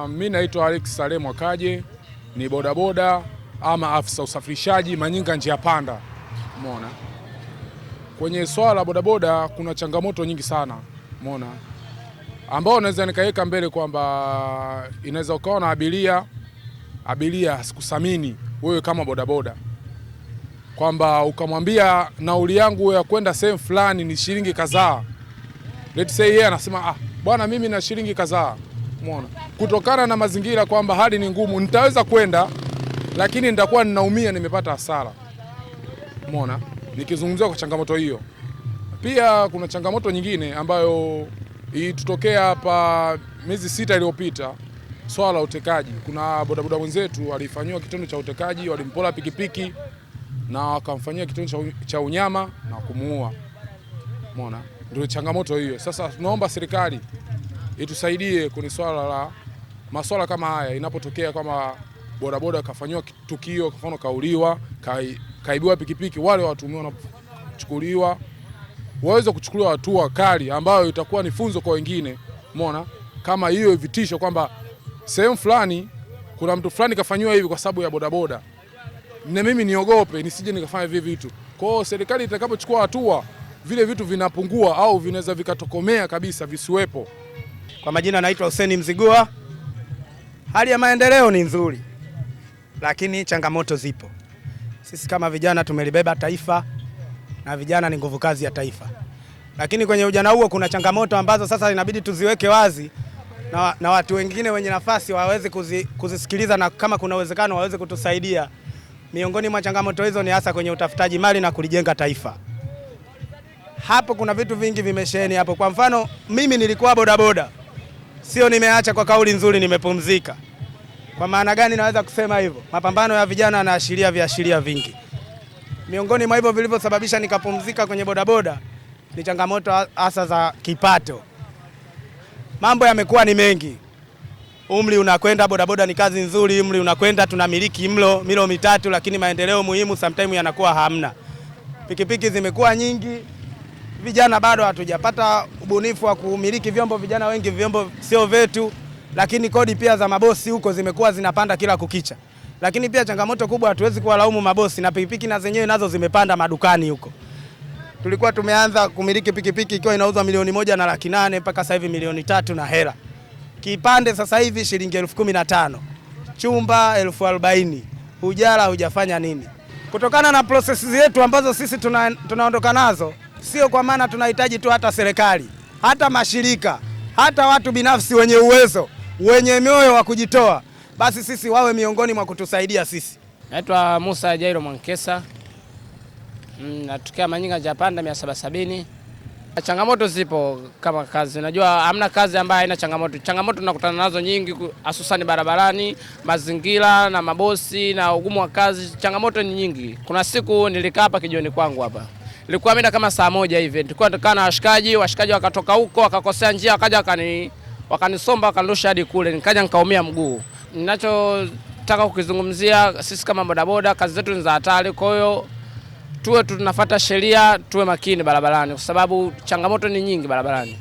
Um, mi naitwa Alex Saleh Mwakaje, ni bodaboda ama afisa usafirishaji Manyinga njia panda. Umeona, kwenye swala la bodaboda kuna changamoto nyingi sana, umeona, ambao naweza nikaweka mbele kwamba inaweza ukawa na abiria abiria sikusamini wewe kama bodaboda, kwamba ukamwambia nauli yangu ya kwenda sehemu fulani ni shilingi kadhaa, let's say yeye anasema ah, bwana mimi na shilingi kadhaa Umeona, kutokana na mazingira kwamba hali ni ngumu, nitaweza kwenda lakini nitakuwa ninaumia, nimepata hasara. Umeona, nikizungumzia kwa changamoto hiyo. Pia kuna changamoto nyingine ambayo ilitutokea hapa miezi sita iliyopita, swala la utekaji. Kuna bodaboda mwenzetu alifanyiwa kitendo cha utekaji, walimpola pikipiki na wakamfanyia kitendo cha unyama na kumuua. Umeona, ndio changamoto hiyo. Sasa tunaomba serikali itusaidie kwenye swala la maswala kama haya, inapotokea kama bodaboda kafanyiwa tukio, kwa mfano kauliwa, kaibiwa pikipiki, wale watumiwa wanachukuliwa, waweze kuchukuliwa hatua kali ambayo itakuwa ni funzo kwa wengine. Umeona kama hiyo vitisho kwamba sehemu fulani kuna mtu fulani kafanyiwa hivi kwa sababu ya bodaboda, na mimi niogope nisije nikafanya hivi vitu. Kwa hiyo serikali itakapochukua hatua, vile vitu vinapungua au vinaweza vikatokomea kabisa, visiwepo. Kwa majina naitwa huseni Mzigua. Hali ya maendeleo ni nzuri, lakini changamoto zipo. Sisi kama vijana tumelibeba taifa na vijana ni nguvu kazi ya taifa, lakini kwenye ujana huo kuna changamoto ambazo sasa inabidi tuziweke wazi na, na watu wengine wenye nafasi waweze kuzi, kuzisikiliza na kama kuna uwezekano waweze kutusaidia. Miongoni mwa changamoto hizo ni hasa kwenye utafutaji mali na kulijenga taifa hapo kuna vitu vingi vimesheni hapo. Kwa mfano mimi nilikuwa bodaboda, sio nimeacha kwa kauli nzuri, nimepumzika. Kwa maana gani naweza kusema hivyo? Mapambano ya vijana yanaashiria viashiria vingi. Miongoni mwa hivyo vilivyosababisha nikapumzika kwenye bodaboda ni changamoto hasa za kipato. Mambo yamekuwa ni mengi, umri unakwenda, bodaboda ni kazi nzuri, umri unakwenda, tunamiliki mlo milo mitatu, lakini maendeleo muhimu sometimes yanakuwa hamna. Pikipiki zimekuwa nyingi vijana bado hatujapata ubunifu wa kumiliki vyombo, vijana wengi vyombo sio vyetu, lakini kodi pia za mabosi huko zimekuwa zinapanda kila kukicha. Lakini pia changamoto kubwa, hatuwezi kuwalaumu mabosi, na pikipiki na zenyewe nazo zimepanda madukani huko. Tulikuwa tumeanza kumiliki pikipiki ikiwa inauzwa milioni moja na laki nane mpaka sasa hivi milioni tatu na hela kipande, sasa hivi shilingi elfu kumi na tano chumba elfu arobaini hujala hujafanya nini, kutokana na prosesi zetu ambazo sisi tunaondoka tuna, nazo Sio kwa maana tunahitaji tu hata serikali, hata mashirika, hata watu binafsi wenye uwezo, wenye moyo wa kujitoa, basi sisi wawe miongoni mwa kutusaidia sisi. Naitwa Musa Jairo Mwankesa, mm, natokea Manyinga Japanda mia saba sabini. Changamoto zipo kama kazi, najua hamna kazi ambayo haina changamoto. Changamoto tunakutana nazo nyingi, hususani barabarani, mazingira na mabosi na ugumu wa kazi. Changamoto ni nyingi. Kuna siku nilikaa hapa kijioni kwangu hapa Ilikuwa mida kama saa moja hivi, nilikuwa nitakaa na washikaji, washikaji wakatoka huko wakakosea njia, wakaja wakani wakanisomba wakanirusha hadi kule, nikaja nikaumia mguu. Ninachotaka kukizungumzia, sisi kama bodaboda, kazi zetu ni za hatari, kwa hiyo tuwe tunafuata sheria, tuwe makini barabarani, kwa sababu changamoto ni nyingi barabarani.